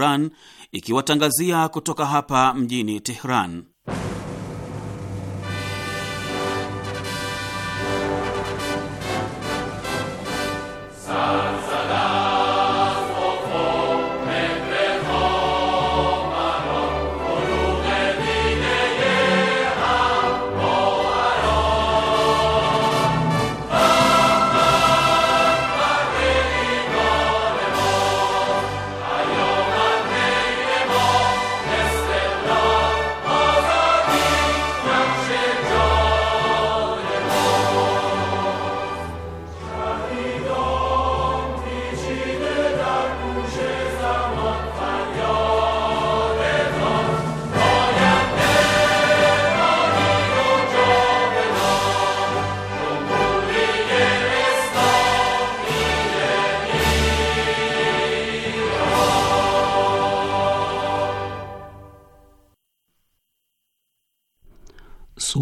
Iran ikiwatangazia kutoka hapa mjini Tehran.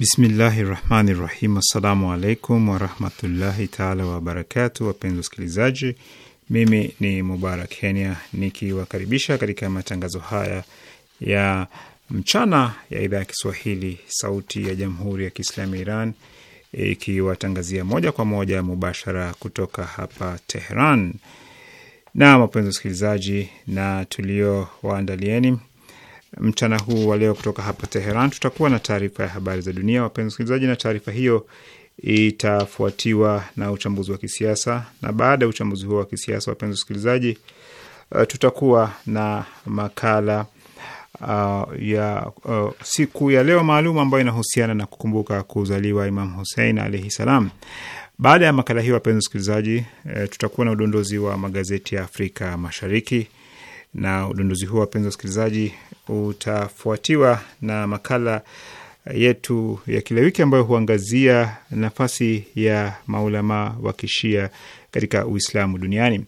Bismillahi rahmani rahim. Assalamu alaikum warahmatullahi taala wabarakatu. Wapenzi wasikilizaji, mimi ni Mubarak Kenya nikiwakaribisha katika matangazo haya ya mchana ya idhaa ya Kiswahili sauti ya jamhuri ya Kiislamu ya Iran ikiwatangazia moja kwa moja mubashara kutoka hapa Tehran. Na wapenzi wasikilizaji, na tulio waandalieni mchana huu wa leo kutoka hapa Teheran. Tutakuwa na taarifa ya habari za dunia, wapenzi wasikilizaji, na taarifa hiyo itafuatiwa na uchambuzi wa kisiasa, na baada ya uchambuzi huo wa kisiasa, wapenzi wasikilizaji, uh, tutakuwa na makala uh, ya uh, siku ya leo maalum ambayo inahusiana na kukumbuka kuzaliwa Imam Husein alaihi salam. Baada ya makala hiyo, wapenzi wasikilizaji, uh, tutakuwa na udondozi wa magazeti ya Afrika Mashariki na udondozi huo wapenzi wasikilizaji utafuatiwa na makala yetu ya kila wiki ambayo huangazia nafasi ya maulama wa kishia katika Uislamu duniani.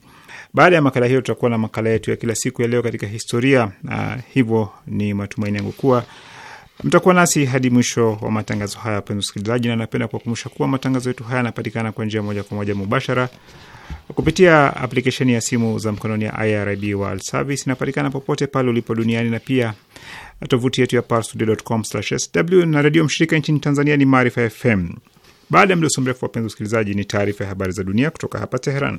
Baada ya makala hiyo, tutakuwa na makala yetu ya kila siku ya leo katika historia. Uh, hivyo ni matumaini yangu kuwa mtakuwa nasi hadi mwisho wa matangazo haya, wapenzi wasikilizaji, na napenda kuwakumbusha kuwa matangazo yetu haya yanapatikana kwa njia moja kwa moja mubashara kupitia aplikesheni ya simu za mkononi ya IRIB World Service. Inapatikana popote pale ulipo duniani na pia tovuti yetu ya parstoday.com/sw. Na redio mshirika nchini Tanzania ni Maarifa FM. Baada ya mdoso mrefu, wapenzi usikilizaji, ni taarifa ya habari za dunia kutoka hapa Teheran.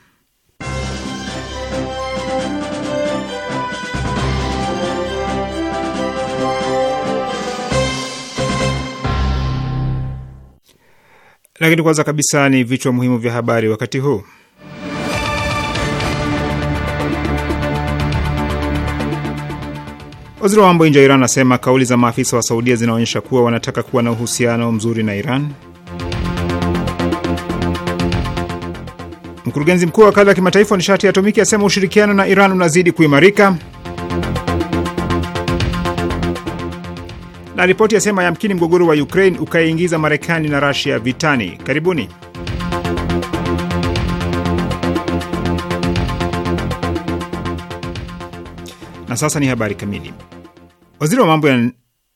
Lakini kwanza kabisa ni vichwa muhimu vya habari wakati huu. Waziri wa mambo nje wa Iran anasema kauli za maafisa wa Saudia zinaonyesha kuwa wanataka kuwa na uhusiano mzuri na Iran. Mkurugenzi mkuu wa wakala ya kimataifa wa nishati ya atomiki asema ushirikiano na Iran unazidi kuimarika. na ripoti yasema yamkini mgogoro wa Ukraine ukaingiza Marekani na Rasia vitani. Karibuni. Na sasa ni habari kamili. Waziri wa mambo ya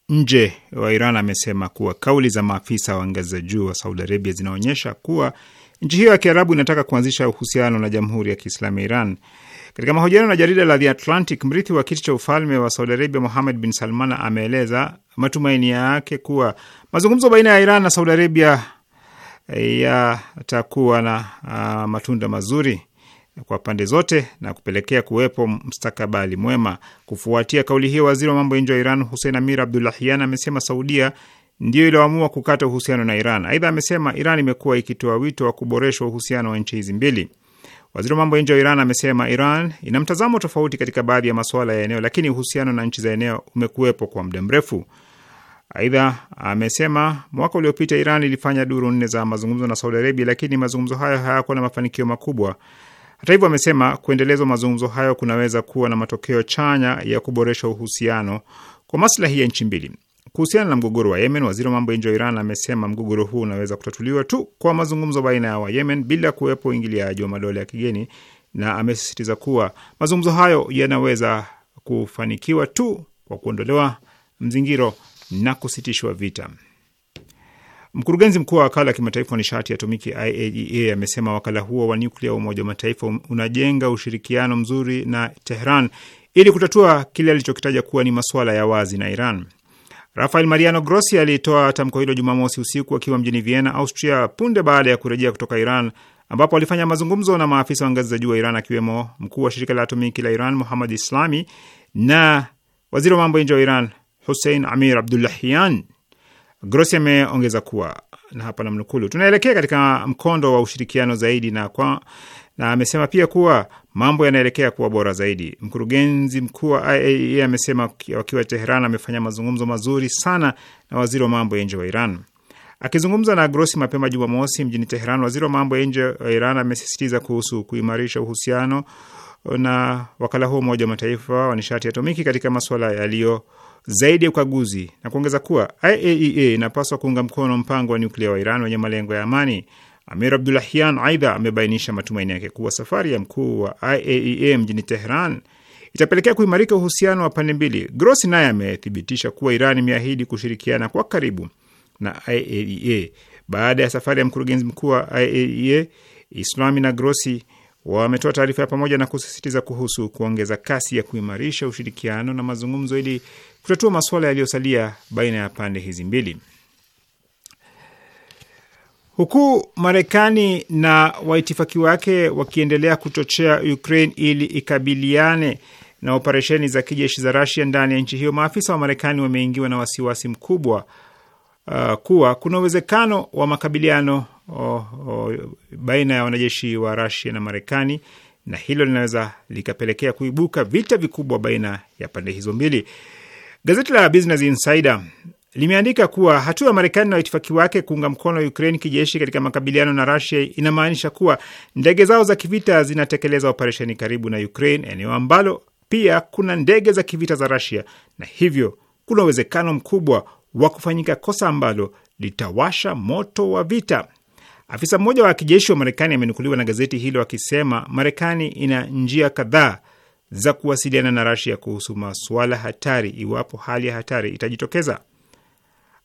nje wa Iran amesema kuwa kauli za maafisa wa ngazi za juu wa Saudi Arabia zinaonyesha kuwa nchi hiyo ya Kiarabu inataka kuanzisha uhusiano na Jamhuri ya Kiislamu ya Iran. Katika mahojiano na jarida la The Atlantic, mrithi wa kiti cha ufalme wa Saudi Arabia Mohamed bin Salman ameeleza matumaini yake kuwa mazungumzo baina ya Iran na Saudi Arabia eh, yatakuwa na uh, matunda mazuri kwa pande zote na kupelekea kuwepo mstakabali mwema. Kufuatia kauli hiyo, waziri wa mambo ya nje wa Iran Hussein Amir Abdulahian amesema Saudia ndiyo iliyoamua kukata uhusiano na Iran. Aidha amesema Iran imekuwa ikitoa wito wa kuboreshwa uhusiano wa nchi hizi mbili. Waziri wa mambo ya nje wa Iran amesema Iran ina mtazamo tofauti katika baadhi ya masuala ya eneo, lakini uhusiano na nchi za eneo umekuwepo kwa muda mrefu. Aidha amesema mwaka uliopita Iran ilifanya duru nne za mazungumzo na Saudi Arabia, lakini mazungumzo hayo hayakuwa na mafanikio makubwa. Hata hivyo, amesema kuendelezwa mazungumzo hayo kunaweza kuwa na matokeo chanya ya kuboresha uhusiano kwa maslahi ya nchi mbili. Kuhusiana na mgogoro wa Yemen, waziri wa mambo ya nje wa Iran amesema mgogoro huu unaweza kutatuliwa tu kwa mazungumzo baina ya Wayemen bila kuwepo uingiliaji wa madola ya kigeni, na amesisitiza kuwa mazungumzo hayo yanaweza kufanikiwa tu kwa kuondolewa mzingiro na kusitishwa vita. Mkurugenzi mkuu wa wakala wa kimataifa wa nishati ya atomiki IAEA e amesema wakala huo wa nyuklia wa Umoja wa Mataifa unajenga ushirikiano mzuri na Tehran ili kutatua kile alichokitaja kuwa ni masuala ya wazi na Iran. Rafael Mariano Grossi alitoa tamko hilo Jumamosi usiku akiwa mjini Vienna, Austria, punde baada ya kurejea kutoka Iran, ambapo alifanya mazungumzo na maafisa wa ngazi za juu wa Iran, akiwemo mkuu wa shirika la atomiki la Iran Muhammad Islami na waziri wa mambo ya nje wa Iran Hussein Amir Abdullahian. Grossi ameongeza kuwa na hapa namnukulu, tunaelekea katika mkondo wa ushirikiano zaidi na kwa na amesema pia kuwa mambo yanaelekea kuwa bora zaidi. Mkurugenzi mkuu wa IAEA e amesema wakiwa Teheran amefanya mazungumzo mazuri sana na waziri wa mambo ya nje wa Iran. Akizungumza na Grosi mapema Jumamosi mjini Teheran, waziri wa mambo ya nje wa Iran amesisitiza kuhusu kuimarisha uhusiano na wakala huo Umoja wa Mataifa wa nishati ya atomiki katika masuala yaliyo zaidi ya ukaguzi na kuongeza kuwa IAEA e inapaswa kuunga mkono mpango wa nyuklia wa Iran wenye malengo ya amani. Amir Abdulahian aidha amebainisha matumaini yake kuwa safari ya mkuu wa IAEA e mjini Teheran itapelekea kuimarika uhusiano wa pande mbili. Grossi naye amethibitisha kuwa Iran imeahidi kushirikiana kwa karibu na IAEA. E Baada ya safari ya mkurugenzi mkuu wa IAEA, e Islami na Grossi wametoa taarifa ya pamoja na kusisitiza kuhusu kuongeza kasi ya kuimarisha ushirikiano na mazungumzo ili kutatua masuala yaliyosalia baina ya pande hizi mbili huku Marekani na waitifaki wake wakiendelea kuchochea Ukraine ili ikabiliane na operesheni za kijeshi za Rasia ndani ya nchi hiyo, maafisa wa Marekani wameingiwa na wasiwasi mkubwa uh, kuwa kuna uwezekano wa makabiliano oh, oh, baina ya wanajeshi wa Rasia na Marekani, na hilo linaweza likapelekea kuibuka vita vikubwa baina ya pande hizo mbili. Gazeti la Business Insider limeandika kuwa hatua ya Marekani na waitifaki wake kuunga mkono Ukraine kijeshi katika makabiliano na Rusia inamaanisha kuwa ndege zao za kivita zinatekeleza operesheni karibu na Ukraine, eneo ambalo pia kuna ndege za kivita za Rusia, na hivyo kuna uwezekano mkubwa wa kufanyika kosa ambalo litawasha moto wa vita. Afisa mmoja wa kijeshi wa Marekani amenukuliwa na gazeti hilo akisema Marekani ina njia kadhaa za kuwasiliana na Rusia kuhusu masuala hatari iwapo hali ya hatari itajitokeza.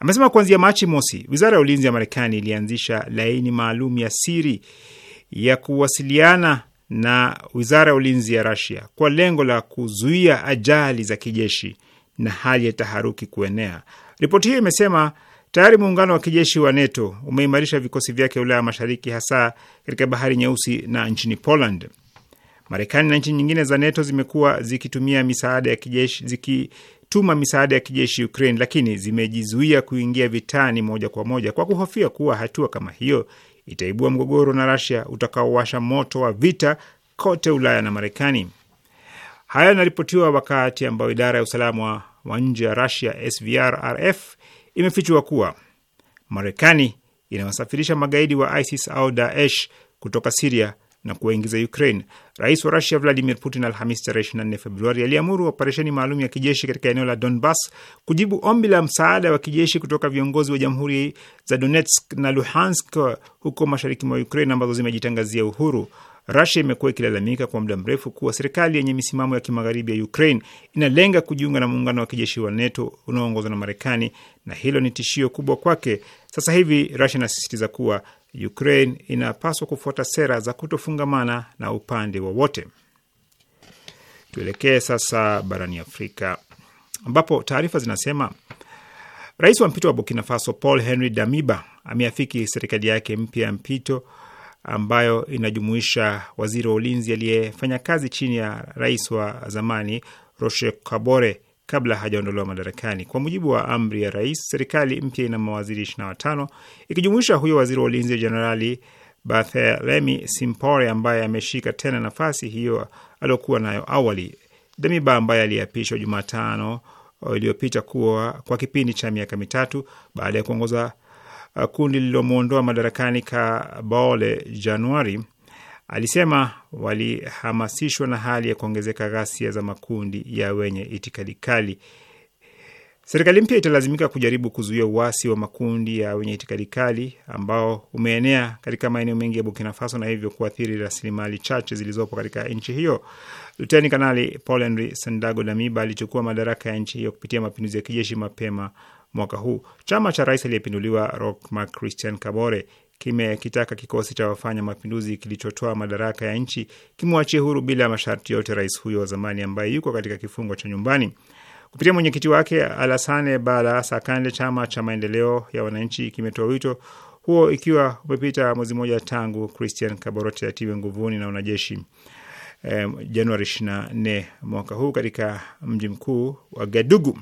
Amesema kuanzia Machi mosi, wizara ya ulinzi ya Marekani ilianzisha laini maalum ya siri ya kuwasiliana na wizara ya ulinzi ya Rasia kwa lengo la kuzuia ajali za kijeshi na hali ya taharuki kuenea. Ripoti hiyo imesema tayari muungano wa kijeshi wa NATO umeimarisha vikosi vyake Ulaya Mashariki, hasa katika Bahari Nyeusi na nchini Poland. Marekani na nchi nyingine za NATO zimekuwa zikitumia misaada ya kijeshi ziki kutuma misaada ya kijeshi Ukraine, lakini zimejizuia kuingia vitani moja kwa moja kwa kuhofia kuwa hatua kama hiyo itaibua mgogoro na Russia utakaowasha moto wa vita kote Ulaya na Marekani. Haya yanaripotiwa wakati ambao idara ya usalama wa nje ya Russia SVRRF imefichua kuwa Marekani inawasafirisha magaidi wa ISIS au Daesh kutoka Siria na kuwaingiza Ukraine. Rais wa Rusia Vladimir Putin Alhamis tarehe 24 Februari aliamuru operesheni maalum ya kijeshi katika eneo la Donbas kujibu ombi la msaada wa kijeshi kutoka viongozi wa jamhuri za Donetsk na Luhansk huko mashariki mwa Ukraine ambazo zimejitangazia uhuru. Rusia imekuwa ikilalamika kwa muda mrefu kuwa serikali yenye misimamo ya kimagharibi ya Ukraine inalenga kujiunga na muungano wa kijeshi wa NATO unaoongozwa na Marekani, na hilo ni tishio kubwa kwake. Sasa hivi Rusia inasisitiza kuwa Ukraine inapaswa kufuata sera za kutofungamana na upande wowote. Tuelekee sasa barani Afrika ambapo taarifa zinasema rais wa mpito wa Burkina Faso Paul Henry Damiba ameafiki serikali yake mpya ya mpito ambayo inajumuisha waziri wa ulinzi aliyefanya kazi chini ya rais wa zamani Roch Kabore kabla hajaondolewa madarakani. Kwa mujibu wa amri ya rais, serikali mpya ina mawaziri 25 ikijumuisha huyo waziri wa ulinzi Jenerali Barthelemy Simpore ambaye ameshika tena nafasi hiyo aliokuwa nayo awali. Damiba ambaye aliapishwa Jumatano iliyopita kuwa kwa kipindi cha miaka mitatu baada ya kuongoza uh, kundi lililomwondoa madarakani Kabole Januari Alisema walihamasishwa na hali ya kuongezeka ghasia za makundi ya wenye itikadi kali. Serikali mpya italazimika kujaribu kuzuia uasi wa makundi ya wenye itikadi kali ambao umeenea katika maeneo mengi ya Burkina Faso na hivyo kuathiri rasilimali chache zilizopo katika nchi hiyo. Luteni Kanali Paul Henri Sandago Damiba alichukua madaraka ya nchi hiyo kupitia mapinduzi ya kijeshi mapema mwaka huu. Chama cha rais aliyepinduliwa Roch Marc Christian Kabore kimekitaka kikosi cha wafanya mapinduzi kilichotoa madaraka ya nchi kimwachie huru bila masharti yote rais huyo wa zamani ambaye yuko katika kifungo cha nyumbani. Kupitia mwenyekiti wake Alassane Bala Sakande, chama cha maendeleo ya wananchi kimetoa wito huo ikiwa umepita mwezi mmoja tangu Christian Kaborote atiwe nguvuni na wanajeshi eh, Januari 24 mwaka huu katika mji mkuu wa Gadugu.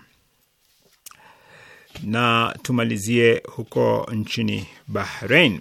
Na tumalizie huko nchini Bahrain.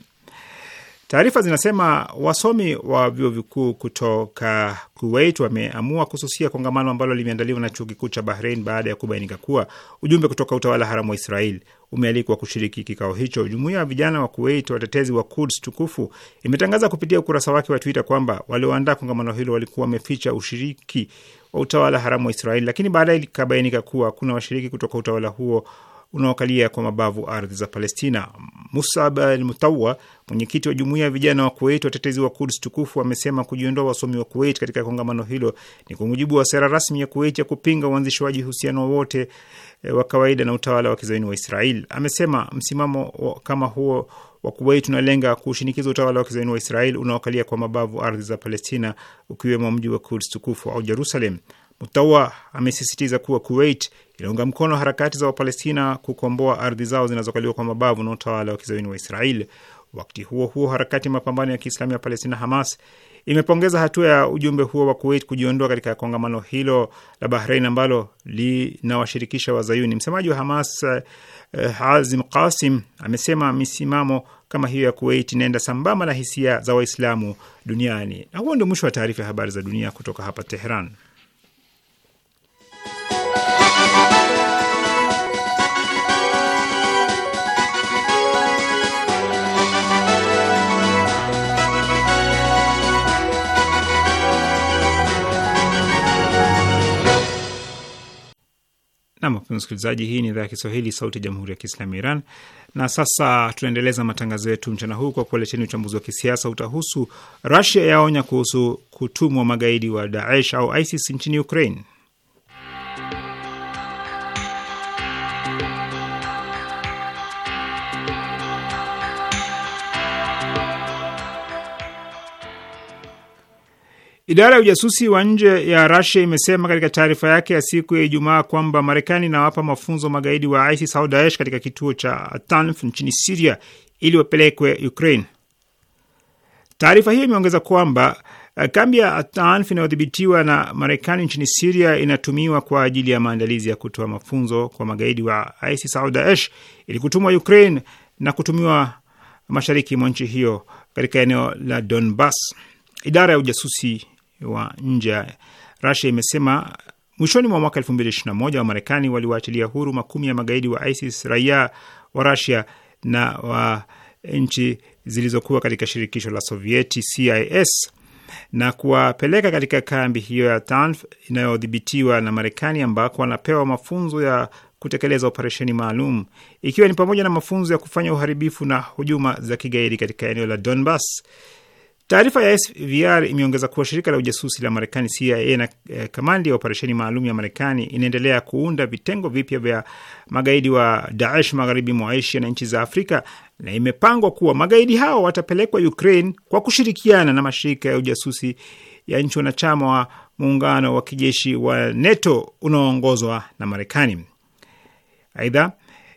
Taarifa zinasema wasomi wa vyuo vikuu kutoka Kuwait wameamua kususia kongamano ambalo limeandaliwa na chuo kikuu cha Bahrain baada ya kubainika kuwa ujumbe kutoka utawala haramu wa Israel umealikwa kushiriki kikao hicho. Jumuiya ya vijana wa Kuwait watetezi wa Kuds tukufu imetangaza kupitia ukurasa wake wa Twitter kwamba walioandaa kongamano hilo walikuwa wameficha ushiriki wa utawala haramu wa Israel, lakini baadaye likabainika kuwa kuna washiriki kutoka utawala huo unaokalia kwa mabavu ardhi za Palestina. Musab Al Mutawa, mwenyekiti wa jumuia ya vijana wa Kuwait watetezi wa Kuds tukufu, amesema kujiondoa wasomi wa Kuwait katika kongamano hilo ni kwa mujibu wa sera rasmi ya Kuwait ya kupinga uanzishwaji uhusiano wowote eh, wa kawaida na utawala wa kizaini wa Israel. Amesema msimamo kama huo wa Kuwait unalenga kushinikiza utawala wa kizaini wa Israel unaokalia kwa mabavu ardhi za Palestina, ukiwemo mji wa Kuds tukufu au Jerusalem. Mutawa amesisitiza kuwa Kuwait inaunga mkono harakati za Wapalestina kukomboa ardhi zao zinazokaliwa kwa mabavu na utawala wa kizayuni wa Israel. Wakati huo huo, harakati mapambano ya Kiislamu ya Palestina, Hamas, imepongeza hatua ya ujumbe huo wa Kuwait kujiondoa katika kongamano hilo la Bahrein ambalo linawashirikisha Wazayuni. Msemaji wa Hamas eh, Azim Qasim amesema misimamo kama hiyo ya Kuwait inaenda sambamba na hisia za Waislamu duniani. Na huo ndio mwisho wa taarifa ya habari za dunia kutoka hapa Teheran. Nam, wapenzi msikilizaji, hii ni idhaa ya Kiswahili sauti ya jamhuri ya kiislamu ya Iran. Na sasa tunaendeleza matangazo yetu mchana huu kwa kuwaleteni uchambuzi wa kisiasa. Utahusu Rasia yaonya kuhusu kutumwa magaidi wa Daesh au ISIS nchini Ukraine. Idara ya ujasusi wa nje ya Rasia imesema katika taarifa yake ya siku ya Ijumaa kwamba Marekani inawapa mafunzo magaidi wa ISIS au Daesh katika kituo cha Tanf nchini Siria ili wapelekwe Ukraine. Taarifa hiyo imeongeza kwamba eh, kambi ya Tanf inayodhibitiwa na Marekani nchini Siria inatumiwa kwa ajili ya maandalizi ya kutoa mafunzo kwa magaidi wa ISIS au Daesh ili kutumwa Ukraine na kutumiwa mashariki mwa nchi hiyo katika eneo la Donbas. Idara ya ujasusi wa nje Rasia imesema mwishoni mwa mwaka 2021 Wamarekani waliwaachilia huru makumi ya magaidi wa ISIS raia wa Rasia na wa nchi zilizokuwa katika shirikisho la Sovieti CIS na kuwapeleka katika kambi hiyo ya Tanf inayodhibitiwa na Marekani ambako wanapewa mafunzo ya kutekeleza operesheni maalum ikiwa ni pamoja na mafunzo ya kufanya uharibifu na hujuma za kigaidi katika eneo la Donbas. Taarifa ya SVR imeongeza kuwa shirika la ujasusi la Marekani CIA na e, kamandi ya operesheni maalum ya Marekani inaendelea kuunda vitengo vipya vya magaidi wa Daesh magharibi mwa Asia na nchi za Afrika, na imepangwa kuwa magaidi hao watapelekwa Ukraine kwa kushirikiana na mashirika ya ujasusi ya nchi wanachama wa muungano wa kijeshi wa NATO unaoongozwa na Marekani. Aidha,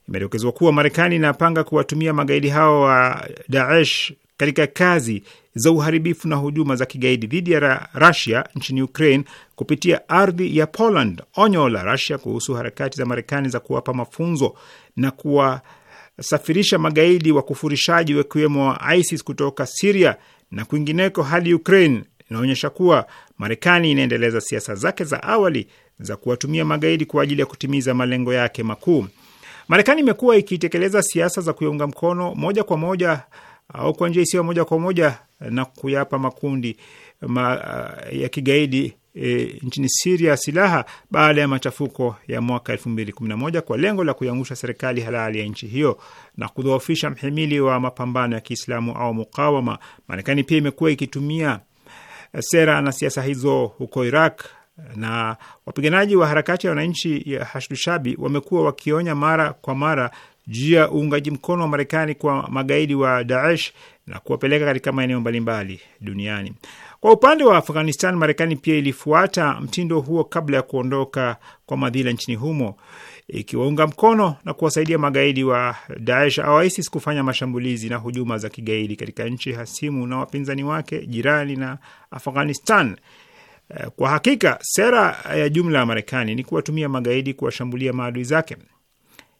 imedokezwa kuwa Marekani inapanga kuwatumia magaidi hao wa Daesh katika kazi za uharibifu na hujuma za kigaidi dhidi ya Rusia nchini Ukraine kupitia ardhi ya Poland. Onyo la Rusia kuhusu harakati za Marekani za kuwapa mafunzo na kuwasafirisha magaidi wakufurishaji wakiwemo wa ISIS kutoka Siria na kwingineko hadi Ukraine inaonyesha kuwa Marekani inaendeleza siasa zake za awali za kuwatumia magaidi kwa ajili ya kutimiza malengo yake makuu. Marekani imekuwa ikitekeleza siasa za kuiunga mkono moja kwa moja au kwa njia isiyo moja kwa moja na kuyapa makundi ma, ya kigaidi e, nchini Siria silaha baada ya machafuko ya mwaka 2011 kwa lengo la kuiangusha serikali halali ya nchi hiyo na kudhoofisha mhimili wa mapambano ya Kiislamu au mukawama. Marekani pia imekuwa ikitumia sera na siasa hizo huko Iraq na wapiganaji wa harakati ya wananchi ya Hashdushabi wamekuwa wakionya mara kwa mara juu ya uungaji mkono wa Marekani kwa magaidi wa Daesh na kuwapeleka katika maeneo mbalimbali duniani. Kwa upande wa Afghanistan, Marekani pia ilifuata mtindo huo kabla ya kuondoka kwa madhila nchini humo, ikiwaunga mkono na kuwasaidia magaidi wa Daesh au ISIS kufanya mashambulizi na hujuma za kigaidi katika nchi hasimu na wapinzani wake jirani na Afghanistan. Kwa hakika sera ya jumla ya Marekani ni kuwatumia magaidi kuwashambulia maadui zake.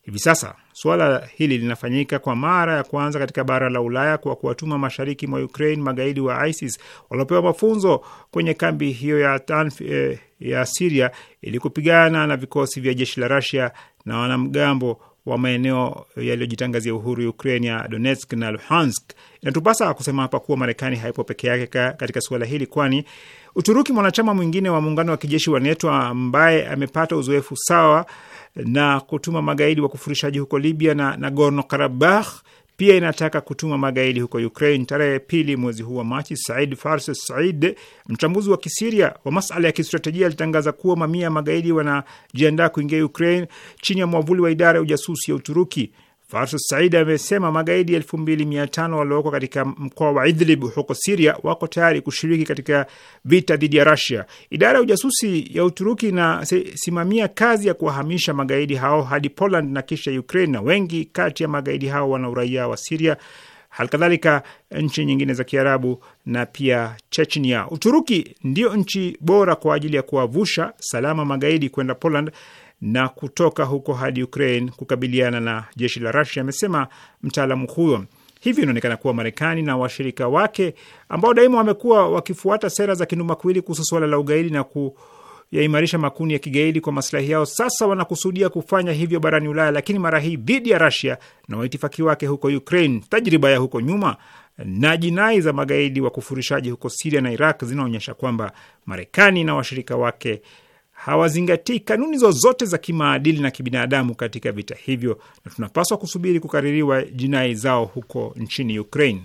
Hivi sasa Suala hili linafanyika kwa mara ya kwanza katika bara la Ulaya kwa kuwatuma mashariki mwa Ukraine magaidi wa ISIS waliopewa mafunzo kwenye kambi hiyo ya Tanf eh, ya Siria ili kupigana na vikosi vya jeshi la Rusia na wanamgambo wa maeneo yaliyojitangazia uhuru Ukraine ya Donetsk na Luhansk. Inatupasa kusema hapa kuwa Marekani haipo peke yake katika suala hili, kwani Uturuki, mwanachama mwingine wa muungano wa kijeshi wa NATO ambaye amepata uzoefu sawa na kutuma magaidi wa kufurishaji huko Libya na Nagorno Karabakh. Pia inataka kutuma magaidi huko Ukraine. Tarehe pili mwezi huu wa Machi, Said Fars Said, mchambuzi wa kisiria wa masala ya kistratejia, alitangaza kuwa mamia ya magaidi wanajiandaa kuingia Ukraine chini ya mwavuli wa idara ya ujasusi ya Uturuki. Farsh Saidi amesema magaidi elfu mbili mia tano walioko katika mkoa wa Idlib huko Siria wako tayari kushiriki katika vita dhidi ya Rasia. Idara ya ujasusi ya Uturuki inasimamia kazi ya kuwahamisha magaidi hao hadi Poland na kisha Ukraine, na wengi kati ya magaidi hao wana uraia wa Siria, halikadhalika nchi nyingine za Kiarabu na pia Chechnia. Uturuki ndio nchi bora kwa ajili ya kuwavusha salama magaidi kwenda Poland na kutoka huko hadi Ukraine kukabiliana na jeshi la Rusia, amesema mtaalamu huyo. Hivyo inaonekana kuwa Marekani na washirika wake ambao daima wamekuwa wakifuata sera za kinumakuili kuhusu suala la ugaidi na kuyaimarisha makundi ya kigaidi kwa maslahi yao, sasa wanakusudia kufanya hivyo barani Ulaya, lakini mara hii dhidi ya Rusia na waitifaki wake huko Ukraine. Tajriba ya huko nyuma na jinai za magaidi wa kufurishaji huko Siria na Iraq zinaonyesha kwamba Marekani na washirika wake hawazingatii kanuni zozote za kimaadili na kibinadamu katika vita hivyo, na tunapaswa kusubiri kukaririwa jinai zao huko nchini Ukraine.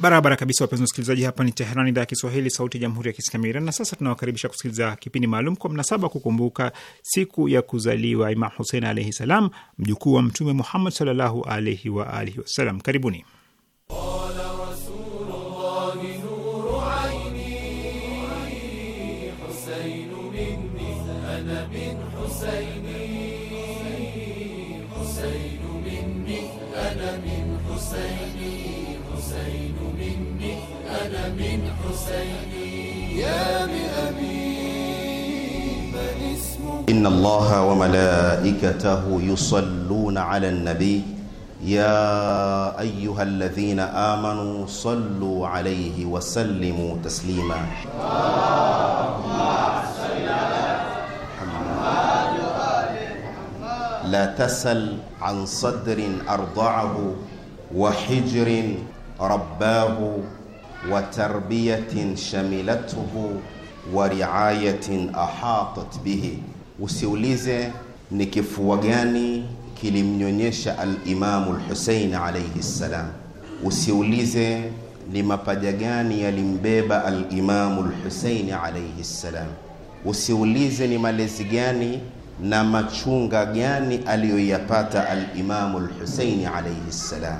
Barabara kabisa, wapenzi wasikilizaji, hapa ni Teherani, idhaa ya Kiswahili, sauti ya jamhuri ya kiislami ya Iran. Na sasa tunawakaribisha kusikiliza kipindi maalum kwa mnasaba kukumbuka siku ya kuzaliwa Imam Husein alaihi salam, mjukuu wa Mtume Muhammad sallallahu alaihi waalihi wasalam. Karibuni. إن الله وملائكته يصلون على النبي يا أيها الذين آمنوا صلوا عليه وسلموا تسليما لا تسل عن صدر أرضعه وحجر رباه wa tarbiyatin shamilathu wa riayatin ahatat bihi, usiulize ni kifua gani kilimnyonyesha alimamu Lhusein alaihi ssalam, usiulize ni mapaja gani yalimbeba alimamu lhuseini alaihi ssalam, usiulize ni malezi gani na machunga gani aliyoyapata alimamu lhuseini alaihi ssalam.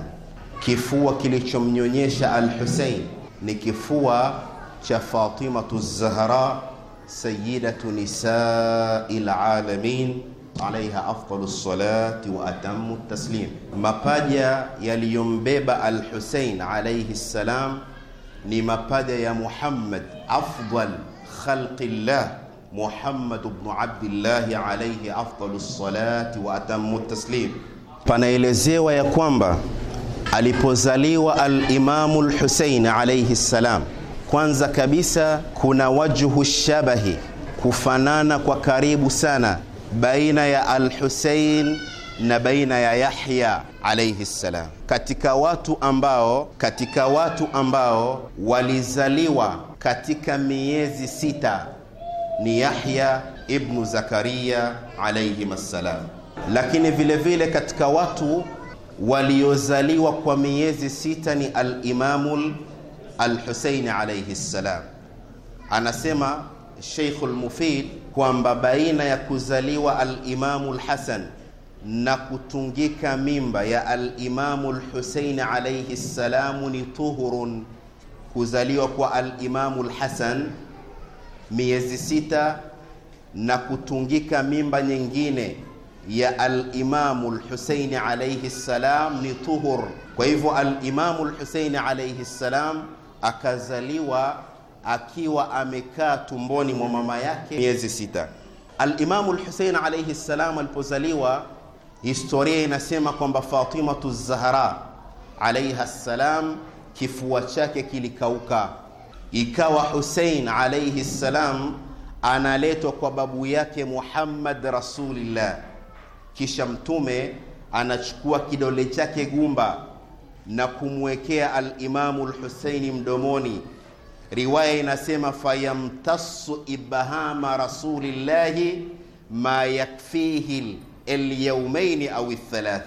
Kifua kilichomnyonyesha Alhusein ni kifua cha Fatimatu Zahra sayyidatu nisail alamin alaiha afdalu salati wa atamu taslim. Mapaja yaliyombeba Al-Husein alaihi salam ni mapaja ya Muhammad afdal khalqillah Muhammad ibn Abdillahi alaihi afdalu salati wa atamu taslim. Panaelezewa ya kwamba alipozaliwa alimamu lhusein alaihi ssalam. Kwanza kabisa kuna wajhu shabahi, kufanana kwa karibu sana baina ya alhusein na baina ya Yahya alaihi ssalam, katika watu ambao katika watu ambao walizaliwa katika miezi sita ni Yahya ibnu Zakariya alaihim ssalam, lakini vilevile vile katika watu waliozaliwa kwa miezi sita ni alimamu Alhuseini alaihi ssalam. Anasema Sheikhul Mufid kwamba baina ya kuzaliwa alimamu Lhasan na kutungika mimba ya alimamu Lhuseini alaihi ssalamu ni tuhurun, kuzaliwa kwa alimamu Lhasan miezi sita na kutungika mimba nyingine ya Alimamu Lhuseini alaihi ssalam ni tuhur. Kwa hivyo Alimamu Lhuseini alaihi ssalam akazaliwa akiwa amekaa tumboni mwa mama yake miezi sita. Alimamu Lhusein alaihi ssalam alipozaliwa, historia inasema kwamba Fatimatu Zahra alaiha ssalam kifua chake kilikauka, ikawa Husein alaihi ssalam analetwa kwa babu yake Muhammad Rasulillah kisha Mtume anachukua kidole chake gumba na kumwekea Alimamu Lhuseini mdomoni. Riwaya inasema fayamtasu ibhama rasulillahi ma yakfihi lyaumaini au lthalath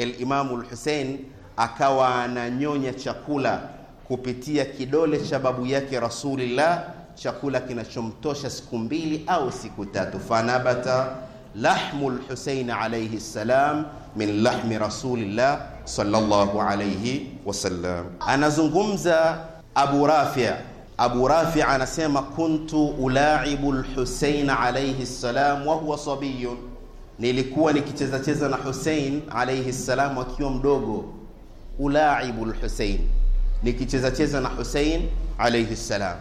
Alimamu Lhusein akawa ananyonya chakula kupitia kidole cha babu yake Rasulillah, chakula kinachomtosha siku mbili au siku tatu. fanabata لحم الحسين عليه السلام من لحم رسول الله صلى الله عليه وسلم أنا زنقمزة أبو رافع أبو رافع أنا سيما كنت ألاعب الحسين عليه السلام وهو صبي نلكوان كتزا تزن حسين عليه السلام وكيوم دوغو ألاعب الحسين نكتزا تزن حسين عليه السلام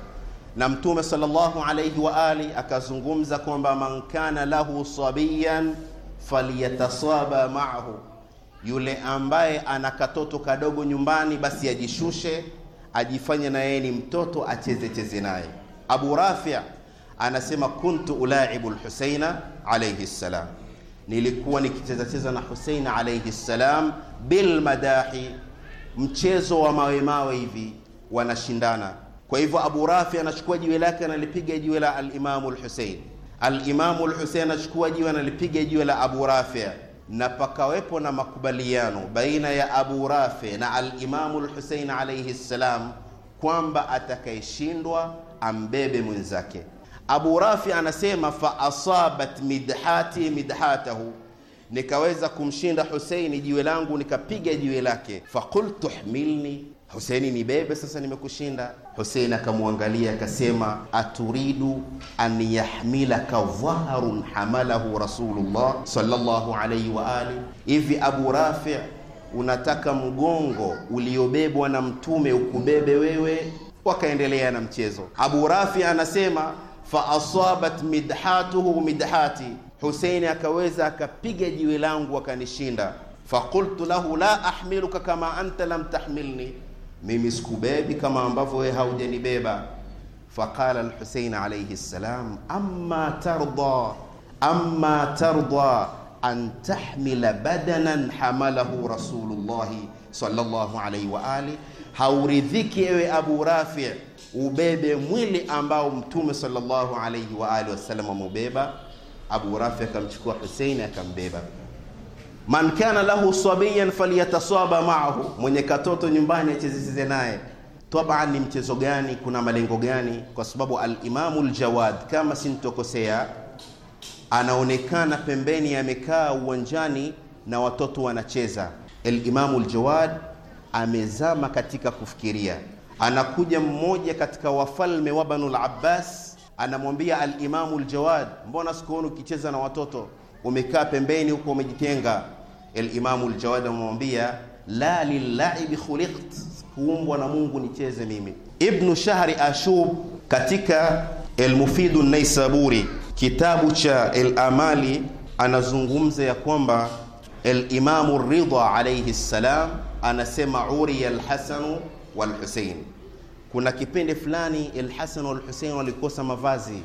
na Mtume sallallahu alayhi wa ali akazungumza kwamba man kana lahu sabiyan falyatasaba maahu, yule ambaye ana katoto kadogo nyumbani basi ajishushe ajifanye na yeye ni mtoto acheze cheze naye. Abu Rafia anasema kuntu ulaibu lhuseina alayhi salam, nilikuwa nikicheza cheza na Husein alayhi salam bilmadahi, mchezo wa mawe mawe hivi wanashindana kwa hivyo Abu Rafi anachukua jiwe lake analipiga jiwe la alimamu Lhusein. Alimamu Lhusein anachukua jiwe analipiga jiwe la Abu Rafi, na pakawepo na makubaliano baina ya Abu Rafi na alimamu Lhusein alaihi ssalam kwamba atakayeshindwa ambebe mwenzake. Abu Rafi anasema faasabat midhati midhatahu, nikaweza kumshinda Huseini jiwe langu nikapiga jiwe lake. Faqultu hmilni, Huseini nibebe sasa, nimekushinda Husein akamwangalia akasema, aturidu an yahmilaka dhahrun hamalahu Rasulullah sallallahu alayhi wa ali, hivi Abu Rafi, unataka mgongo uliobebwa na Mtume ukubebe wewe? Wakaendelea na mchezo. Abu Rafi anasema fa asabat midhatuhu midhati, huseini akaweza akapiga jiwe langu akanishinda. fakultu lahu la ahmiluka kama anta lam tahmilni mimi sikubebi kama ambavyo wewe haujanibeba. Faqala al-Husayn alayhi salam, amma tarda amma tarda an tahmila badanan hamalahu Rasulullahi sallallahu alayhi wa ali, hauridhiki ewe Abu Rafi ubebe mwili ambao Mtume sallallahu alayhi wa alihi wasallam ameubeba. Abu Rafi akamchukua Husaini akambeba man kana lahu sabiyan falyatasaba maahu, mwenye katoto nyumbani achezeze naye. Taban ni mchezo gani? Kuna malengo gani? Kwa sababu Alimamu Ljawad kama sintokosea, anaonekana pembeni, amekaa uwanjani na watoto wanacheza. Alimamu Ljawad amezama katika kufikiria. Anakuja mmoja katika wafalme wa Banul Abbas, anamwambia Alimamu Ljawad, mbona sikuoni ukicheza na watoto? Umekaa pembeni huko, umejitenga Alimamu Aljawadi amemwambia la lillaibi khuliqt, kuumbwa na Mungu nicheze mimi. Ibnu Shahri Ashub katika Almufidu Naisaburi kitabu cha Alamali anazungumza ya kwamba Alimamu Ridha alayhi salam anasema uriya alhasanu walhusein, kuna kipindi fulani Alhasan walhusein walikosa mavazi,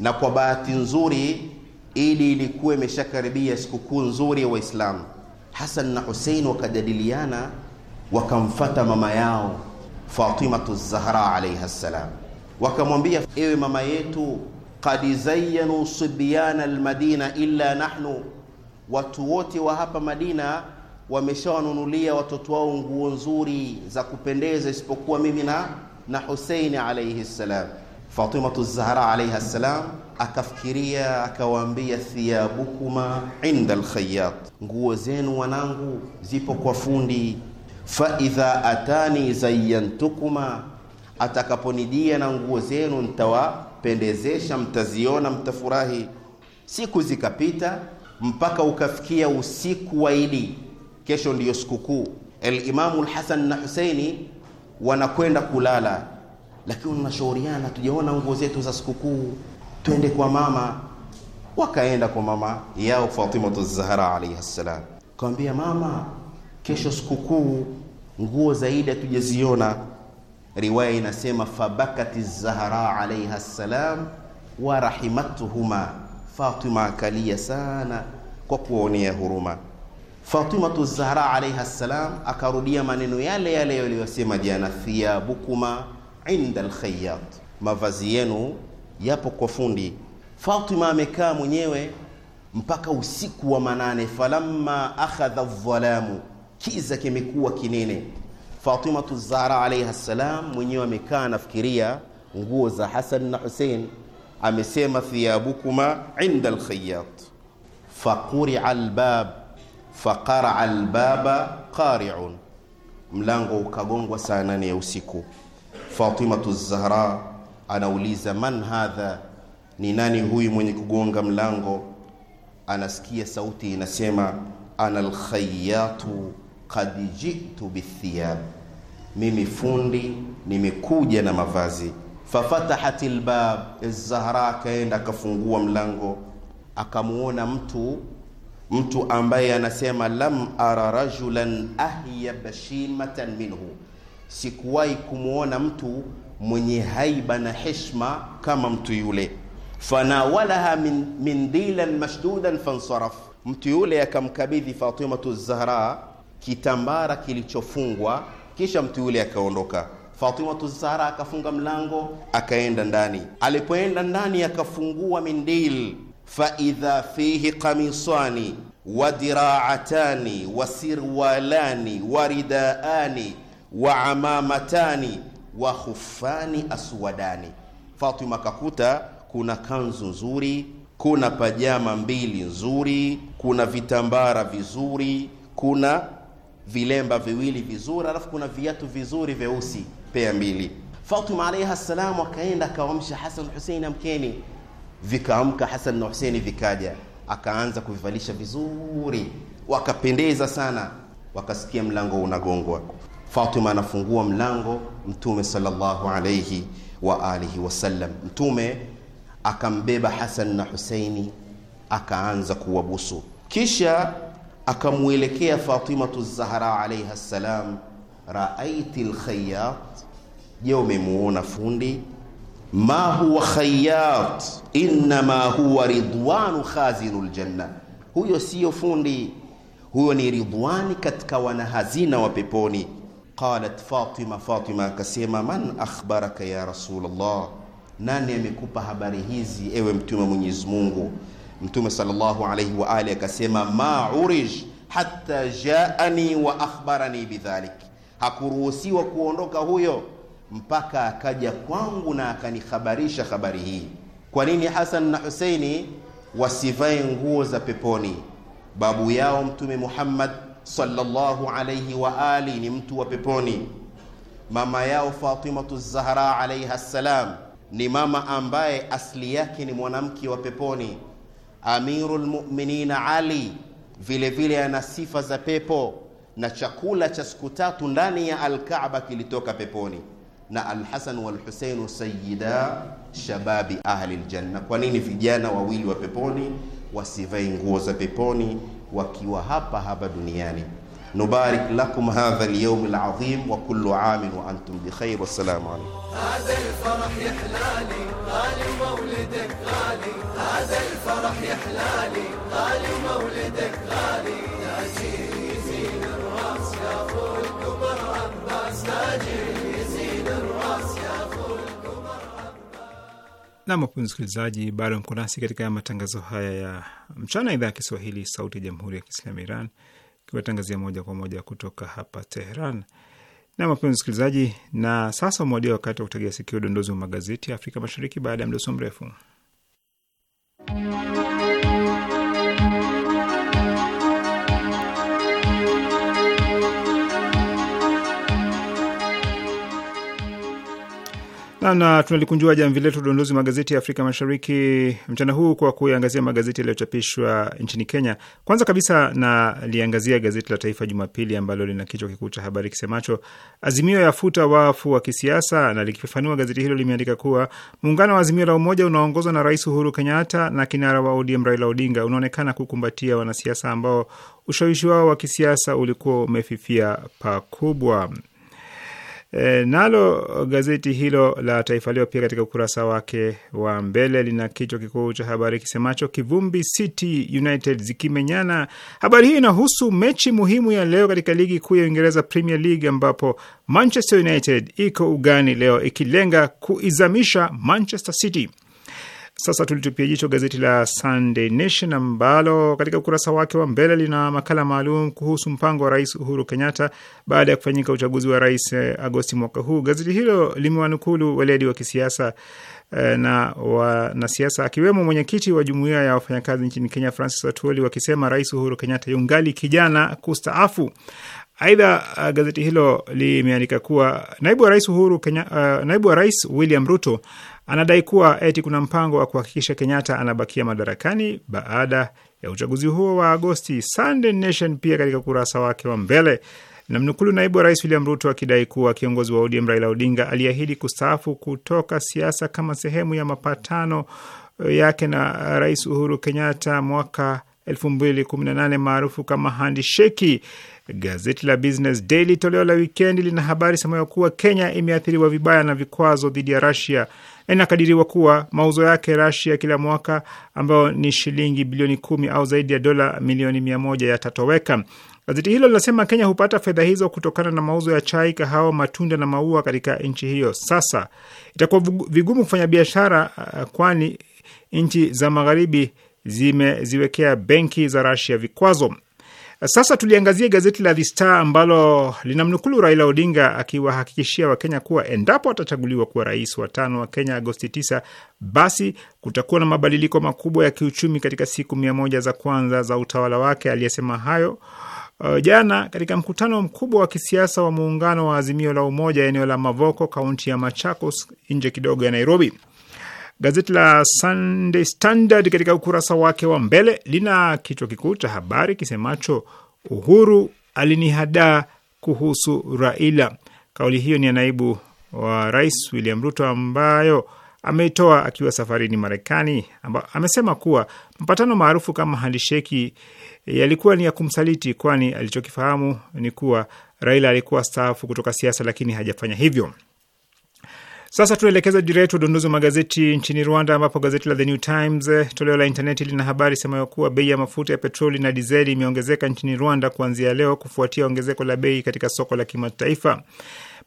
na kwa bahati nzuri ili ilikuwa imeshakaribia sikukuu nzuri ya Waislamu Hasan na Husein wakajadiliana, wakamfata mama yao Fatimatu Zahra alayha salam, wakamwambia ewe mama yetu, qad zayyanu sibyana almadina illa nahnu, watu wote wa hapa Madina wameshawanunulia watoto wao nguo nzuri za kupendeza isipokuwa mimi na na Husein alayhi salam. Fatimatu Zahra alayha salam akafikiria akawaambia, thiyabukuma inda alkhayyat, nguo zenu wanangu zipo kwa fundi. Fa idha atani zayantukuma atakaponijia na nguo zenu ntawapendezesha mtaziona, mtafurahi. Siku zikapita mpaka ukafikia usiku wa Idi, kesho ndiyo sikukuu. Alimamu lhasan na Husaini wanakwenda kulala lakini unashauriana tujaona nguo zetu za sikukuu, twende kwa mama. Wakaenda kwa mama yao Fatimatu Zahra alayha salam, kawambia mama, kesho sikukuu, nguo zaidi hatujaziona. Riwaya inasema fabakati Zahra alayha salam wa rahimatuhuma, Fatima akalia sana kwa kuwaonea huruma. Fatimatu Zahra alayha akarudia maneno yale yale yaliyosema jana, thiyabukuma inda alkhayyat, mavazi yenu yapo kwa fundi. Fatima amekaa mwenyewe mpaka usiku wa manane. Falamma akhadha dhalamu, kiza kimekuwa kinene. Fatimatu Zahra alayha salam mwenyewe amekaa anafikiria nguo za Hasan na Husein, amesema thiyabukuma inda alkhayyat faquria albab faqaraa albaba qari'un, mlango ukagongwa saa nane ya usiku. Fatimatu Zahra anauliza man hadha, ni nani huyu mwenye kugonga mlango? Anasikia sauti inasema ana alkhayyatu qad ji'tu bithiyab, mimi fundi nimekuja na mavazi. Fafatahat albab, Zahra akaenda akafungua mlango, akamuona mtu mtu ambaye anasema lam ara rajulan ahya bashimatan minhu sikuwahi kumwona mtu mwenye haiba na heshma kama mtu yule. Fanawalaha min, min dilan mashdudan fansaraf, mtu yule akamkabidhi Fatimatu Zahra kitambara kilichofungwa, kisha mtu yule akaondoka. Fatimatu Zahra akafunga mlango akaenda ndani. Alipoenda ndani akafungua mindil, faidha fihi qamisani wa diraatani wa sirwalani wa ridaani wa amamatani wa khufani aswadani. Fatima kakuta kuna kanzu nzuri, kuna pajama mbili nzuri, kuna vitambara vizuri, kuna vilemba viwili vizuri, alafu kuna viatu vizuri vyeusi pea mbili. Fatuma alayha salam akaenda akawamsha Hasan Husein, amkeni. Vikaamka Hasan na Huseini, vikaja akaanza kuvivalisha vizuri, wakapendeza sana. Wakasikia mlango unagongwa Fatima anafungua mlango, Mtume sallallahu alayhi wa alihi wasallam. Mtume akambeba Hasan na Husaini akaanza kuwabusu, kisha akamwelekea Fatimatu Zahra alayha salam, raaiti lkhayat, je, umemuona fundi? ma huwa khayat innama huwa ridwanu khazinu ljanna, huyo siyo fundi, huyo ni Ridwani katika wanahazina wa peponi qalat Fatima, Fatima akasema man akhbaraka ya Rasulullah, nani amekupa habari hizi ewe mtume wa Mwenyezi Mungu? Mtume sallallahu alayhi wa alihi akasema ma urij hatta jaani wa akhbarani bidhalik, hakuruhusiwa kuondoka huyo mpaka akaja kwangu na akanihabarisha habari hii. Kwa nini Hasan na Huseini wasivae nguo za peponi? Babu yao Mtume Muhammad sallallahu alayhi wa ali ni mtu wa peponi. Mama yao Fatimatu Zahra alayha salam ni mama ambaye asili yake ni mwanamke wa peponi. Amirul Mu'minin Ali vile vile ana sifa za pepo, na chakula cha siku tatu ndani ya alkaaba kilitoka peponi, na alhasan hasan wal Husain sayyida shababi ahli aljanna. Kwa nini vijana wawili wa peponi wasivai nguo za peponi? wakiwa hapa hapa duniani نبارك لكم هذا اليوم العظيم وكل عام وأنتم بخير والسلام عليكم هذا الفرح يحلالي غالي مولدك غالي هذا الفرح غالي مولدك Nam, wapenzi msikilizaji, bado mko nasi katika matangazo haya ya mchana, idhaa ya Kiswahili sauti ya jamhuri ya kiislamu Iran ikiwatangazia moja kwa moja kutoka hapa Teheran. Nam, wapenzi msikilizaji, na sasa umewadia wakati wa kutegea sikio udondozi wa magazeti ya Afrika Mashariki baada ya mdoso mrefu na tunalikunjua jamvi letu udondozi magazeti ya Afrika Mashariki mchana huu kwa kuangazia magazeti yaliyochapishwa nchini Kenya. Kwanza kabisa naliangazia gazeti la Taifa Jumapili ambalo lina kichwa kikuu cha habari kisemacho Azimio yafuta wafu wa kisiasa, na likifafanua gazeti hilo limeandika kuwa muungano wa Azimio la Umoja unaongozwa na Rais Uhuru Kenyatta na kinara wa ODM Raila Odinga unaonekana kukumbatia wanasiasa ambao ushawishi wao wa kisiasa ulikuwa umefifia pakubwa. E, nalo gazeti hilo la Taifa Leo pia katika ukurasa wake wa mbele lina kichwa kikuu cha habari kisemacho kivumbi City United zikimenyana. Habari hii inahusu mechi muhimu ya leo katika ligi kuu ya Uingereza, Premier League, ambapo Manchester United iko ugani leo ikilenga kuizamisha Manchester City. Sasa tulitupia jicho gazeti la Sunday Nation ambalo katika ukurasa wake wa mbele lina makala maalum kuhusu mpango wa Rais Uhuru Kenyatta baada ya kufanyika uchaguzi wa rais eh, Agosti mwaka huu. Gazeti hilo limewanukulu weledi wa kisiasa eh, na wanasiasa akiwemo mwenyekiti wa jumuiya ya wafanyakazi nchini Kenya Francis Atwoli wakisema Rais Uhuru Kenyatta yungali kijana kustaafu. Aidha, eh, gazeti hilo limeandika kuwa naibu wa rais Uhuru Kenya, uh, naibu wa rais William Ruto Anadai kuwa eti kuna mpango wa kuhakikisha Kenyatta anabakia madarakani baada ya uchaguzi huo wa Agosti. Sunday Nation pia katika ukurasa wake wa mbele namnukulu naibu wa rais William Ruto akidai kuwa kiongozi wa ODM Raila Odinga aliahidi kustaafu kutoka siasa kama sehemu ya mapatano yake na rais Uhuru Kenyatta mwaka 2018 maarufu kama handisheki. Gazeti la Business Daily toleo la wikendi lina habari semayo kuwa Kenya imeathiriwa vibaya na vikwazo dhidi ya Russia na inakadiriwa kuwa mauzo yake Rasia kila mwaka ambayo ni shilingi bilioni kumi au zaidi ya dola milioni mia moja yatatoweka. Gazeti hilo linasema Kenya hupata fedha hizo kutokana na mauzo ya chai, kahawa, matunda na maua katika nchi hiyo. Sasa itakuwa vigumu kufanya biashara, uh, kwani nchi za magharibi zimeziwekea benki za Rasia vikwazo. Sasa tuliangazia gazeti la The Star ambalo linamnukulu Raila Odinga akiwahakikishia Wakenya kuwa endapo atachaguliwa kuwa rais wa tano wa Kenya Agosti 9, basi kutakuwa na mabadiliko makubwa ya kiuchumi katika siku mia moja za kwanza za utawala wake. Aliyesema hayo uh, jana katika mkutano mkubwa wa kisiasa wa muungano wa Azimio la Umoja eneo la Mavoko, kaunti ya Machakos, nje kidogo ya Nairobi. Gazeti la Sunday Standard katika ukurasa wake wa mbele lina kichwa kikuu cha habari kisemacho Uhuru alinihadaa kuhusu Raila. Kauli hiyo ni ya naibu wa rais William Ruto ambayo ameitoa akiwa safarini Marekani, ambao amesema kuwa mpatano maarufu kama handisheki yalikuwa ni ya kumsaliti, kwani alichokifahamu ni kuwa Raila alikuwa staafu kutoka siasa, lakini hajafanya hivyo. Sasa tunaelekeza dira yetu udunduzi wa magazeti nchini Rwanda, ambapo gazeti la The New Times eh, toleo la intaneti lina habari semayo kuwa bei ya mafuta ya petroli na dizeli imeongezeka nchini Rwanda kuanzia leo kufuatia ongezeko la bei katika soko la kimataifa,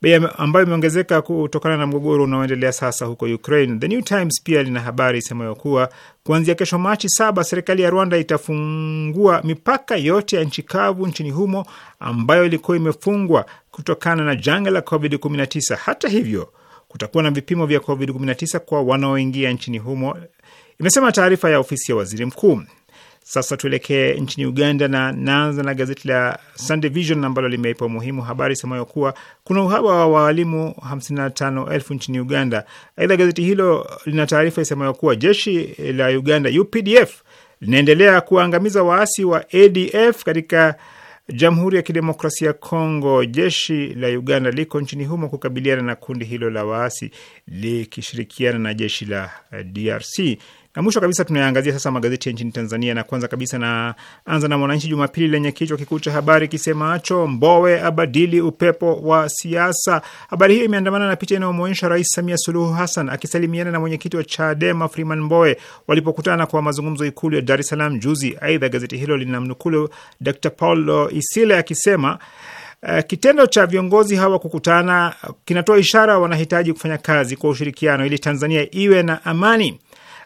bei ambayo imeongezeka kutokana na mgogoro unaoendelea sasa huko Ukraine. The New Times pia lina habari isemayo kuwa kuanzia kesho Machi saba, serikali ya Rwanda itafungua mipaka yote ya nchi kavu nchini humo ambayo ilikuwa imefungwa kutokana na janga la COVID-19. Hata hivyo kutakuwa na vipimo vya COVID-19 kwa wanaoingia nchini humo, imesema taarifa ya ofisi ya waziri mkuu. Sasa tuelekee nchini Uganda na naanza na gazeti la Sunday Vision ambalo limeipa umuhimu habari semayo kuwa kuna uhaba wa waalimu 55,000 nchini Uganda. Aidha, gazeti hilo lina taarifa isemayo kuwa jeshi la Uganda UPDF linaendelea kuwaangamiza waasi wa ADF katika Jamhuri ya Kidemokrasia ya Kongo, jeshi la Uganda liko nchini humo kukabiliana na kundi hilo la waasi likishirikiana na jeshi la eh, DRC. Na mwisho kabisa tunayaangazia sasa magazeti ya nchini Tanzania, na kwanza kabisa na anza na Mwananchi Jumapili lenye kichwa kikuu cha habari kisemacho Mbowe abadili upepo wa siasa. Habari hiyo imeandamana na picha inayomwonyesha Rais Samia Suluhu Hassan akisalimiana na mwenyekiti wa Chadema Freeman Mbowe walipokutana kwa mazungumzo Ikulu ya Dar es Salaam juzi. Aidha, gazeti hilo linamnukulu Dr Paulo Isile akisema Uh, kitendo cha viongozi hawa kukutana kinatoa ishara wanahitaji kufanya kazi kwa ushirikiano ili Tanzania iwe na amani.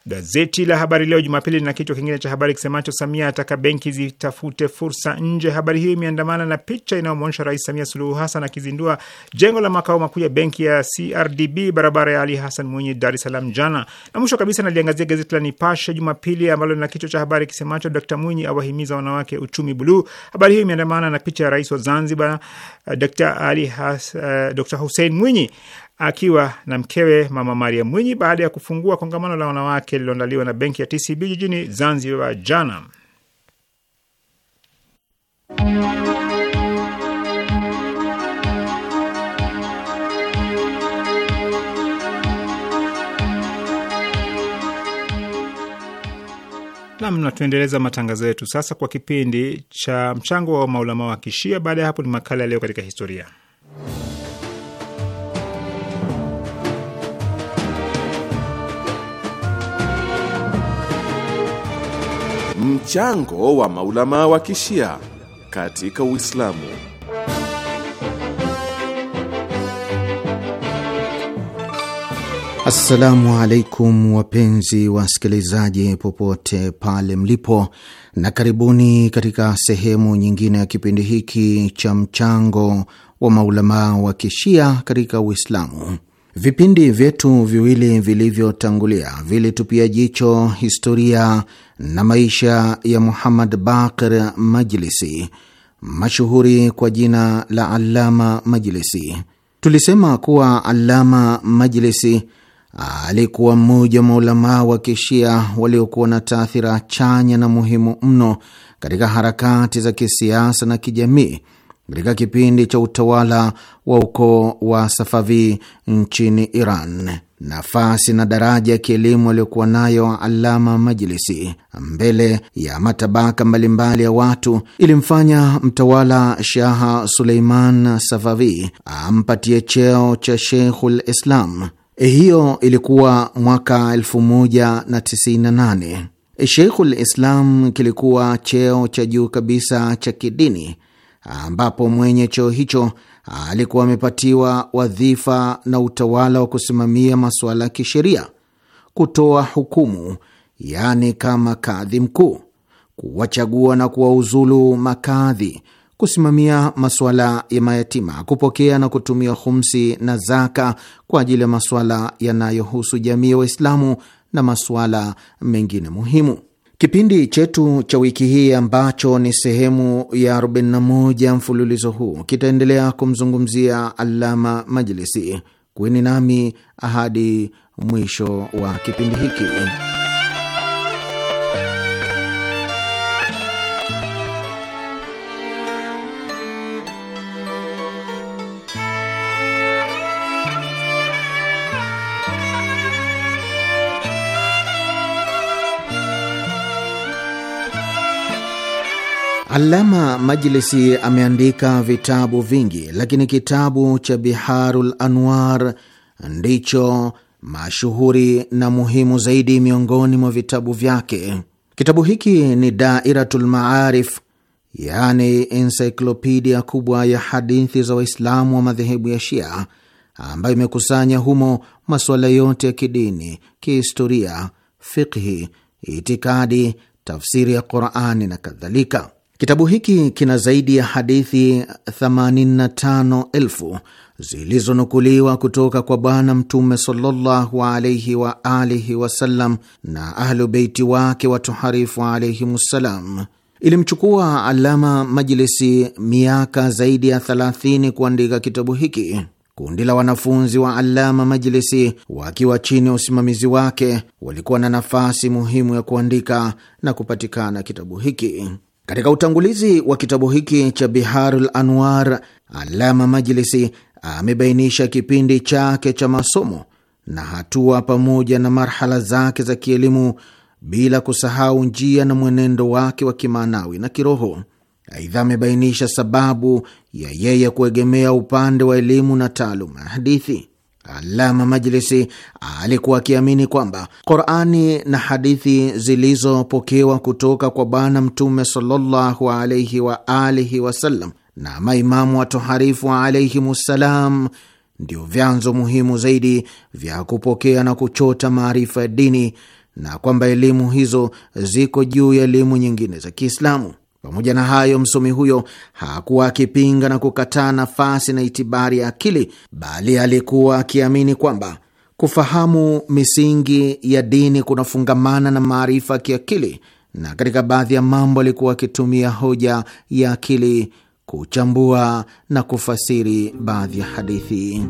Gazeti la Habari Leo Jumapili lina kichwa kingine cha habari kisemacho Samia ataka benki zitafute fursa nje. Habari hiyo imeandamana na picha inayomwonyesha Rais Samia Suluhu Hassan akizindua jengo la makao makuu ya benki ya CRDB barabara ya Ali Hassan Mwinyi, Dar es Salaam jana. Na mwisho kabisa naliangazia gazeti la Nipashe Jumapili ambalo lina kichwa cha habari kisemacho Dkt Mwinyi awahimiza wanawake uchumi buluu. Habari hiyo imeandamana na picha ya rais wa Zanzibar eh, Dkt Ali uh, eh, Dkt Hussein Mwinyi akiwa na mkewe Mama Maria Mwinyi baada ya kufungua kongamano la wanawake lililoandaliwa na benki ya TCB jijini Zanzibar jana. Nam na tuendeleza matangazo yetu sasa kwa kipindi cha mchango wa maulama wa Kishia. Baada ya hapo ni makala yaliyo katika historia. Mchango wa maulama wa kishia katika Uislamu. Assalamu alaikum wapenzi wasikilizaji, popote pale mlipo, na karibuni katika sehemu nyingine ya kipindi hiki cha mchango wa maulamaa wa kishia katika Uislamu. Vipindi vyetu viwili vilivyotangulia vilitupia jicho historia na maisha ya Muhammad Baqir Majlisi, mashuhuri kwa jina la Allama Majlisi. Tulisema kuwa Allama Majlisi alikuwa mmoja wa maulamaa wa kishia waliokuwa na taathira chanya na muhimu mno katika harakati za kisiasa na kijamii katika kipindi cha utawala wa ukoo wa Safavi nchini Iran. Nafasi na daraja ya kielimu aliyokuwa nayo Alama Majlisi mbele ya matabaka mbalimbali ya watu ilimfanya mtawala Shaha Suleiman Safavi ampatie cheo cha Sheikhul Islam. Eh, hiyo ilikuwa mwaka 1098. Sheikhul Islam kilikuwa cheo cha juu kabisa cha kidini ambapo mwenye cheo hicho alikuwa amepatiwa wadhifa na utawala wa kusimamia masuala ya kisheria, kutoa hukumu, yaani kama kadhi mkuu, kuwachagua na kuwauzulu makadhi, kusimamia masuala ya mayatima, kupokea na kutumia khumsi na zaka kwa ajili ya masuala yanayohusu jamii ya Waislamu na masuala mengine muhimu. Kipindi chetu cha wiki hii ambacho ni sehemu ya 41 mfululizo huu kitaendelea kumzungumzia Alama Majlisi. Kuweni nami ahadi mwisho wa kipindi hiki. Alama Majlisi ameandika vitabu vingi, lakini kitabu cha Biharul Anwar ndicho mashuhuri na muhimu zaidi miongoni mwa vitabu vyake. Kitabu hiki ni Dairatul Maarif, yaani ensiklopedia kubwa ya hadithi za Waislamu wa madhehebu ya Shia, ambayo imekusanya humo masuala yote ya kidini, kihistoria, fikhi, itikadi, tafsiri ya Qurani na kadhalika. Kitabu hiki kina zaidi ya hadithi 85,000 zilizonukuliwa kutoka kwa Bwana Mtume sallallahu alaihi wa alihi wasallam na Ahlu Beiti wake watoharifu alaihimussalam. Ilimchukua Alama Majlisi miaka zaidi ya 30 kuandika kitabu hiki. Kundi la wanafunzi wa Alama Majlisi wakiwa chini ya usimamizi wake walikuwa na nafasi muhimu ya kuandika na kupatikana kitabu hiki. Katika utangulizi wa kitabu hiki cha Biharul Anwar, Alama Majlisi amebainisha kipindi chake cha masomo na hatua pamoja na marhala zake za kielimu bila kusahau njia na mwenendo wake wa kimaanawi na kiroho. Aidha, amebainisha sababu ya yeye kuegemea upande wa elimu na taaluma ya hadithi. Alama Majlisi alikuwa akiamini kwamba Qurani na hadithi zilizopokewa kutoka kwa Bwana Mtume sallallahu alaihi wa alihi wasallam na maimamu watoharifu alaihimussalam ndio vyanzo muhimu zaidi vya kupokea na kuchota maarifa ya dini na kwamba elimu hizo ziko juu ya elimu nyingine za Kiislamu. Pamoja na hayo, msomi huyo hakuwa akipinga na kukataa nafasi na itibari ya akili, bali alikuwa akiamini kwamba kufahamu misingi ya dini kunafungamana na maarifa ya kiakili, na katika baadhi ya mambo alikuwa akitumia hoja ya akili kuchambua na kufasiri baadhi ya hadithi.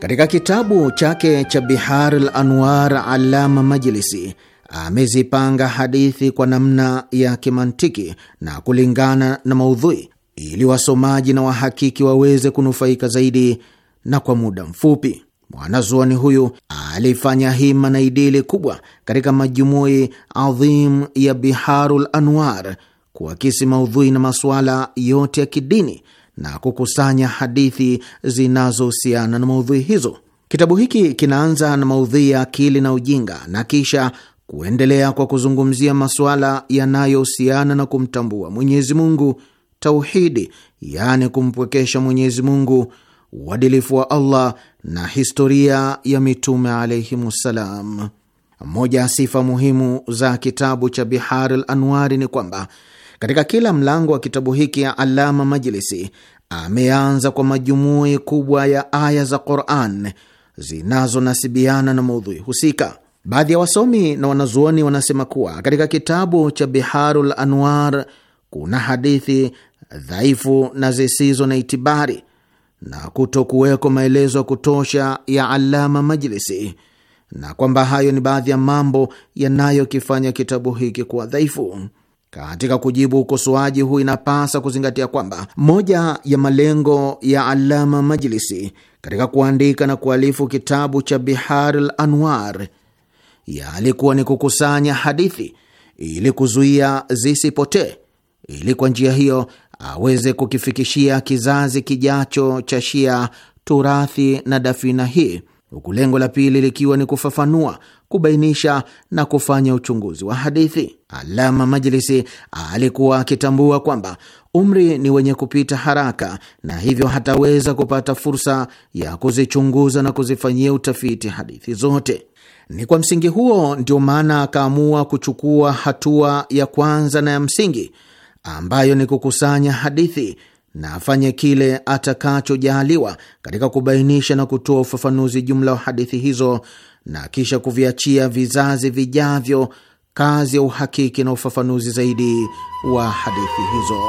Katika kitabu chake cha Bihar lanwar Anwar, Alama Majlisi amezipanga hadithi kwa namna ya kimantiki na kulingana na maudhui ili wasomaji na wahakiki waweze kunufaika zaidi na kwa muda mfupi. Mwanazuoni huyu alifanya hima na idili kubwa katika majumui adhim ya Biharul Anwar kuakisi maudhui na masuala yote ya kidini na kukusanya hadithi zinazohusiana na maudhui hizo. Kitabu hiki kinaanza na maudhui ya akili na ujinga na kisha kuendelea kwa kuzungumzia masuala yanayohusiana na kumtambua Mwenyezi Mungu, tauhidi, yaani kumpwekesha Mwenyezi Mungu, uadilifu wa Allah na historia ya mitume alaihimussalam. Moja ya sifa muhimu za kitabu cha Bihar al Anwari ni kwamba katika kila mlango wa kitabu hiki ya Alama Majlisi ameanza kwa majumui kubwa ya aya za Quran zinazonasibiana na maudhui husika. Baadhi ya wasomi na wanazuoni wanasema kuwa katika kitabu cha Biharul Anwar kuna hadithi dhaifu na zisizo na itibari na kutokuweko maelezo ya kutosha ya Alama Majlisi, na kwamba hayo ni baadhi ya mambo yanayokifanya kitabu hiki kuwa dhaifu. Katika kujibu ukosoaji huu, inapasa kuzingatia kwamba moja ya malengo ya Alama Majlisi katika kuandika na kualifu kitabu cha Bihar al Anwar yalikuwa ni kukusanya hadithi ili kuzuia zisipotee, ili kwa njia hiyo aweze kukifikishia kizazi kijacho cha Shia turathi na dafina hii huku lengo la pili likiwa ni kufafanua, kubainisha na kufanya uchunguzi wa hadithi. Alama Majlisi alikuwa akitambua kwamba umri ni wenye kupita haraka na hivyo hataweza kupata fursa ya kuzichunguza na kuzifanyia utafiti hadithi zote. Ni kwa msingi huo ndio maana akaamua kuchukua hatua ya kwanza na ya msingi ambayo ni kukusanya hadithi na afanye kile atakachojaaliwa katika kubainisha na kutoa ufafanuzi jumla wa hadithi hizo na kisha kuviachia vizazi vijavyo kazi ya uhakiki na ufafanuzi zaidi wa hadithi hizo.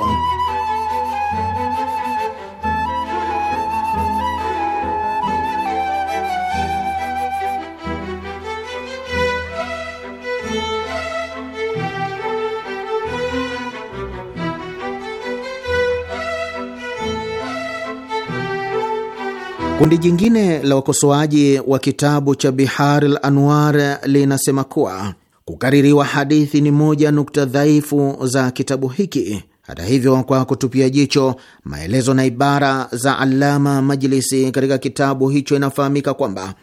Kundi jingine la wakosoaji wa kitabu cha Bihar al Anwar linasema kuwa kukaririwa hadithi ni moja nukta dhaifu za kitabu hiki. Hata hivyo, kwa kutupia jicho maelezo na ibara za Alama Majlisi katika kitabu hicho, inafahamika kwamba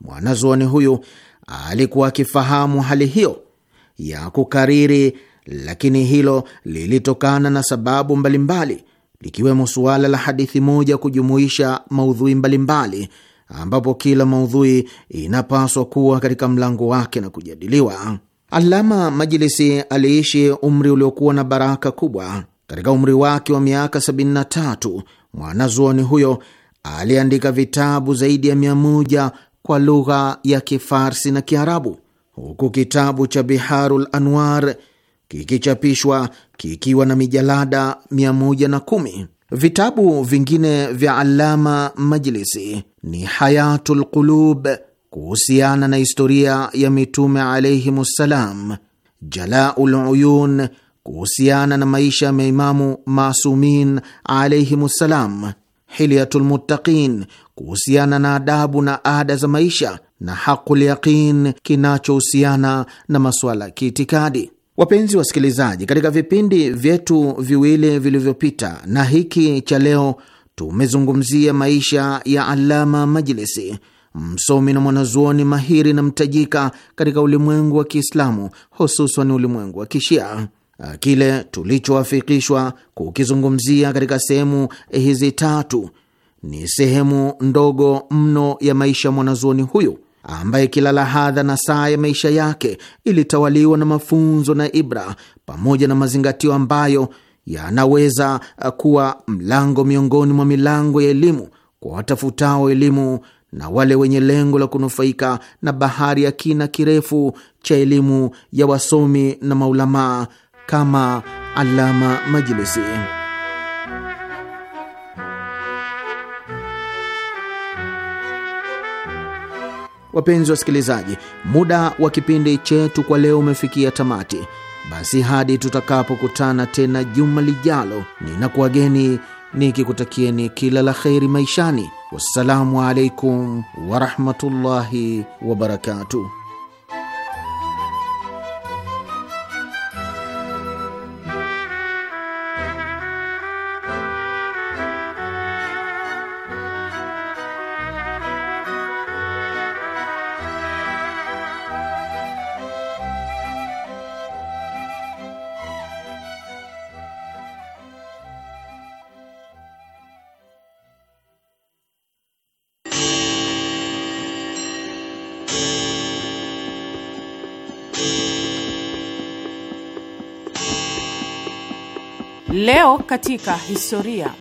mwanazuoni huyu alikuwa akifahamu hali hiyo ya kukariri, lakini hilo lilitokana na sababu mbalimbali mbali likiwemo suala la hadithi moja kujumuisha maudhui mbalimbali ambapo kila maudhui inapaswa kuwa katika mlango wake na kujadiliwa. Alama Majlisi aliishi umri uliokuwa na baraka kubwa. Katika umri wake wa miaka 73 mwanazuoni huyo aliandika vitabu zaidi ya mia moja kwa lugha ya Kifarsi na Kiarabu, huku kitabu cha Biharul Anwar kikichapishwa kikiwa na mijalada 110. Vitabu vingine vya Alama Majlisi ni hayatu lqulub kuhusiana na historia ya mitume ssalam, Jalau luyun kuhusiana na maisha ya maimamu masumin ssalam, Hilyatul Muttaqin kuhusiana na adabu na ada za maisha, na haqu lyaqin kinachohusiana na masuala ya kiitikadi. Wapenzi wasikilizaji, katika vipindi vyetu viwili vilivyopita na hiki cha leo tumezungumzia maisha ya Alama Majlisi, msomi na mwanazuoni mahiri na mtajika katika ulimwengu wa Kiislamu, hususan ulimwengu wa Kishia. Kile tulichoafikishwa kukizungumzia katika sehemu hizi tatu ni sehemu ndogo mno ya maisha ya mwanazuoni huyu ambaye kila lahadha na saa ya maisha yake ilitawaliwa na mafunzo na ibra pamoja na mazingatio ambayo yanaweza uh, kuwa mlango miongoni mwa milango ya elimu kwa watafutao elimu na wale wenye lengo la kunufaika na bahari ya kina kirefu cha elimu ya wasomi na maulamaa kama Alama Majlisi. Wapenzi wasikilizaji, muda wa kipindi chetu kwa leo umefikia tamati. Basi hadi tutakapokutana tena juma lijalo, ninakuwageni nikikutakieni kila la kheri maishani. Wassalamu alaikum warahmatullahi wabarakatuh. Leo katika historia.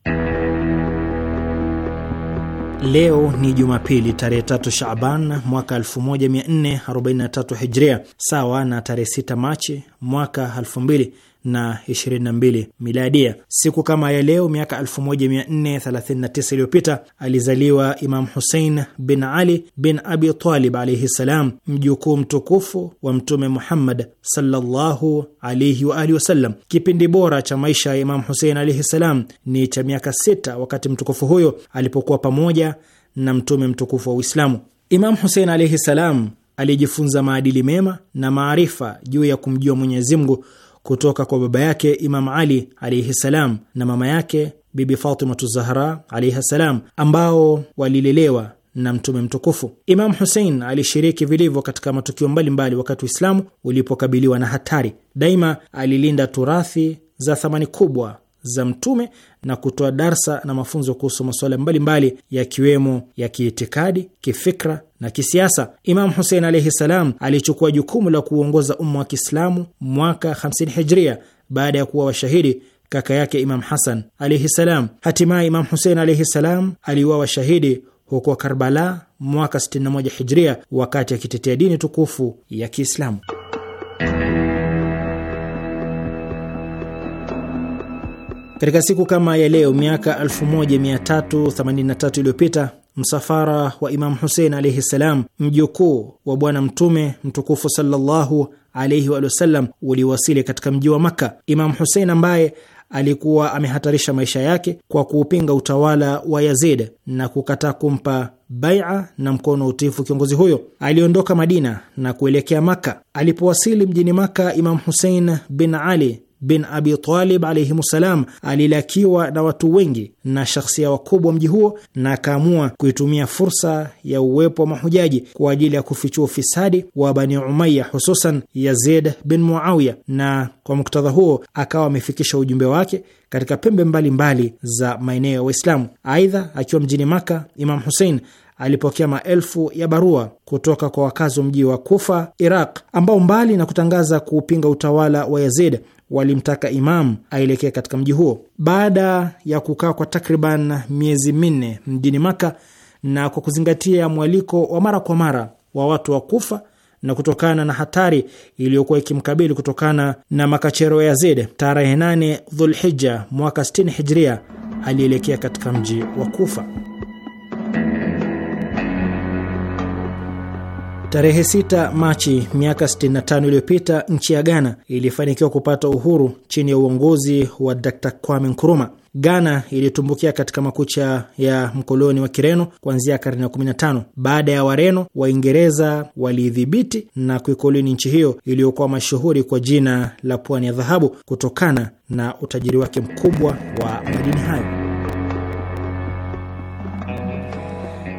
Leo ni Jumapili tarehe tatu Shaban mwaka 1443 Hijria, sawa na tarehe 6 Machi mwaka 2022 miladia. Siku kama ya leo miaka 1439 iliyopita alizaliwa Imam Husein bin Ali bin Abi Talib alaihi ssalam, mjukuu mtukufu wa Mtume Muhammad sallallahu alaihi wasallam. Kipindi bora cha maisha ya Imam Husein alaihi ssalam ni cha miaka sita, wakati mtukufu huyo alipokuwa pamoja na Mtume mtukufu wa Uislamu. Imam Husein alaihi ssalam aliyejifunza maadili mema na maarifa juu ya kumjua Mwenyezi Mungu kutoka kwa baba yake Imam Ali alaihi salam na mama yake Bibi Fatimatu Zahra alaihi salam ambao walilelewa na mtume mtukufu. Imam husein alishiriki vilivyo katika matukio mbalimbali wakati Uislamu ulipokabiliwa na hatari. Daima alilinda turathi za thamani kubwa za Mtume na kutoa darsa na mafunzo kuhusu masuala mbalimbali yakiwemo ya kiitikadi, kifikra na kisiasa. Imam Husein alaihi salam alichukua jukumu la kuuongoza umma wa Kiislamu mwaka 50 hijria baada ya kuwa washahidi kaka yake Imam Hasan alaihi salam. Hatimaye Imam Husein alaihi salam aliuawa washahidi huko Karbala mwaka 61 hijria wakati akitetea dini tukufu ya Kiislamu. Katika siku kama ya leo miaka 1383 iliyopita msafara wa Imamu Husein alaihi ssalam, mjukuu wa Bwana Mtume mtukufu sallallahu alaihi wa sallam, uliwasili katika mji wa Makka. Imamu Husein ambaye alikuwa amehatarisha maisha yake kwa kuupinga utawala wa Yazid na kukataa kumpa baia na mkono wa utiifu kiongozi huyo, aliondoka Madina na kuelekea Makka. Alipowasili mjini Makka, Imamu Husein bin Ali bin Abi Talib alilakiwa na watu wengi na shakhsia wakubwa mji huo, na akaamua kuitumia fursa ya uwepo wa mahujaji kwa ajili ya kufichua ufisadi wa Bani Umaya, hususan Yazid bin Muawiya, na kwa muktadha huo akawa amefikisha ujumbe wake katika pembe mbalimbali mbali za maeneo ya Waislamu. Aidha, akiwa mjini Maka, Imam husein alipokea maelfu ya barua kutoka kwa wakazi wa mji wa Kufa, Iraq, ambao mbali na kutangaza kuupinga utawala wa Yazid walimtaka Imam aelekee katika mji huo. Baada ya kukaa kwa takriban miezi minne mjini Maka na kwa kuzingatia mwaliko wa mara kwa mara wa watu wa Kufa na kutokana na hatari iliyokuwa ikimkabili kutokana na makachero ya Yazid, tarehe 8 Dhulhija mwaka 60 Hijria alielekea katika mji wa Kufa. Tarehe 6 Machi miaka 65 iliyopita nchi ya Ghana ilifanikiwa kupata uhuru chini ya uongozi wa Dr. Kwame Nkrumah. Ghana ilitumbukia katika makucha ya mkoloni wa Kireno kuanzia karne ya 15. Baada ya Wareno, Waingereza waliidhibiti na kuikoloni nchi hiyo iliyokuwa mashuhuri kwa jina la Pwani ya Dhahabu kutokana na utajiri wake mkubwa wa madini hayo.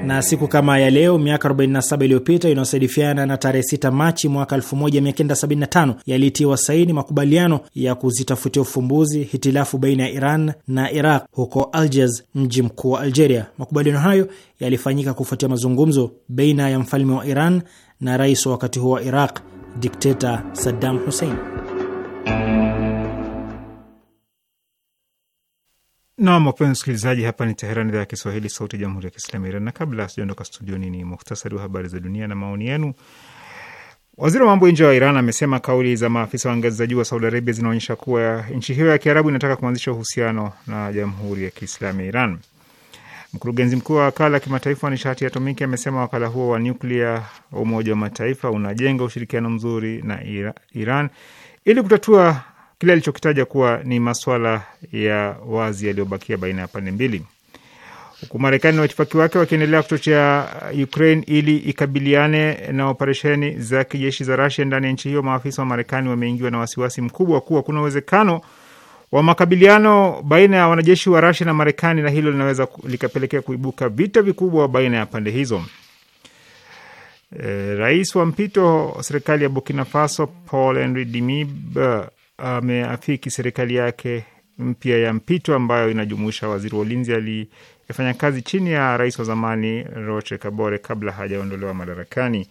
na siku kama ya leo miaka 47 iliyopita inayosaidifiana na tarehe 6 Machi mwaka 1975 yalitiwa saini makubaliano ya kuzitafutia ufumbuzi hitilafu baina ya Iran na Iraq huko Algiers, mji mkuu wa Algeria. Makubaliano hayo yalifanyika kufuatia mazungumzo baina ya mfalme wa Iran na rais wa wakati huo wa Iraq, dikteta Saddam Hussein. Nam, wapenzi msikilizaji, hapa ni Teherani, idhaa ya Kiswahili, sauti ya jamhuri ya kiislamu ya Iran. Na kabla sijaondoka studioni, ni muhtasari wa habari za dunia na maoni yenu. Waziri wa mambo ya nje wa Iran amesema kauli za maafisa wa ngazi za juu wa Saudi Arabia zinaonyesha kuwa nchi hiyo ya kiarabu inataka kuanzisha uhusiano na jamhuri ya kiislamu ya Iran. Mkurugenzi mkuu wa wakala kimataifa wa nishati ya atomiki amesema wakala huo wa nyuklia wa Umoja wa Mataifa unajenga ushirikiano mzuri na Iran ili kutatua kile alichokitaja kuwa ni masuala ya wazi yaliyobakia baina ya pande mbili, huku Marekani na watifaki wake wakiendelea kuchochea Ukraine ili ikabiliane na operesheni za kijeshi za Rusia ndani ya nchi hiyo. Maafisa wa Marekani wameingiwa na wasiwasi mkubwa kuwa kuna uwezekano wa makabiliano baina ya wanajeshi wa Rusia na Marekani, na hilo linaweza likapelekea kuibuka vita vikubwa baina ya pande hizo. E, rais wa mpito serikali ya Burkina Faso Paul Henri Dimiba ameafiki serikali yake mpya ya mpito ambayo inajumuisha waziri wa ulinzi aliyefanya kazi chini ya rais wa zamani roche Kabore kabla hajaondolewa madarakani.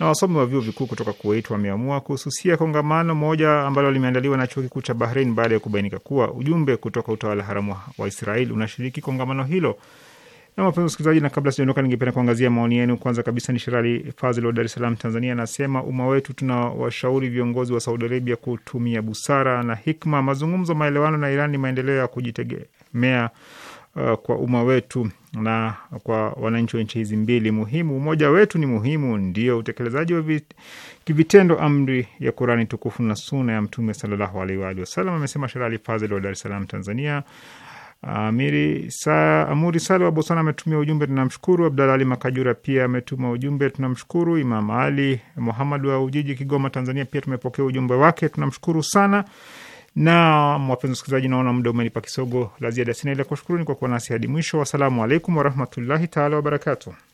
Na wasomi wa vyuo vikuu kutoka Kuwait wameamua kuhususia kongamano moja ambalo limeandaliwa na chuo kikuu cha Bahrain baada ya kubainika kuwa ujumbe kutoka utawala haramu wa Israeli unashiriki kongamano hilo. Na wapenzi wasikilizaji, na kabla sijaondoka, ningependa kuangazia maoni yenu. Kwanza kabisa ni Shirali Fazil wa Dar es Salaam, Tanzania, anasema umma wetu tunawashauri viongozi wa Saudi Arabia kutumia busara na hikma. Mazungumzo, maelewano na Iran ni maendeleo ya kujitegemea uh, kwa umma wetu na kwa wananchi wa nchi hizi mbili muhimu. Umoja wetu ni muhimu, ndio utekelezaji wa kivitendo amri ya Kurani tukufu na suna ya Mtume sallallahu alaihi wasalam, amesema Shirali Fazil wa Dar es Salaam, Tanzania. Amiri sa, Amuri Sale wa Bosana ametumia ujumbe, tunamshukuru. ali Makajura pia ametuma ujumbe, tunamshukuru. Imam Ali muhammad wa Ujiji, Kigoma, Tanzania, pia tumepokea ujumbe wake, tunamshukuru sana. Na wapenzi wasikilizaji, naona muda umenipa kisogo. La ziada sina, ila kuwashukuruni kwa kuwa nasi hadi mwisho. Wassalamu alaikum warahmatullahi taala wabarakatuh.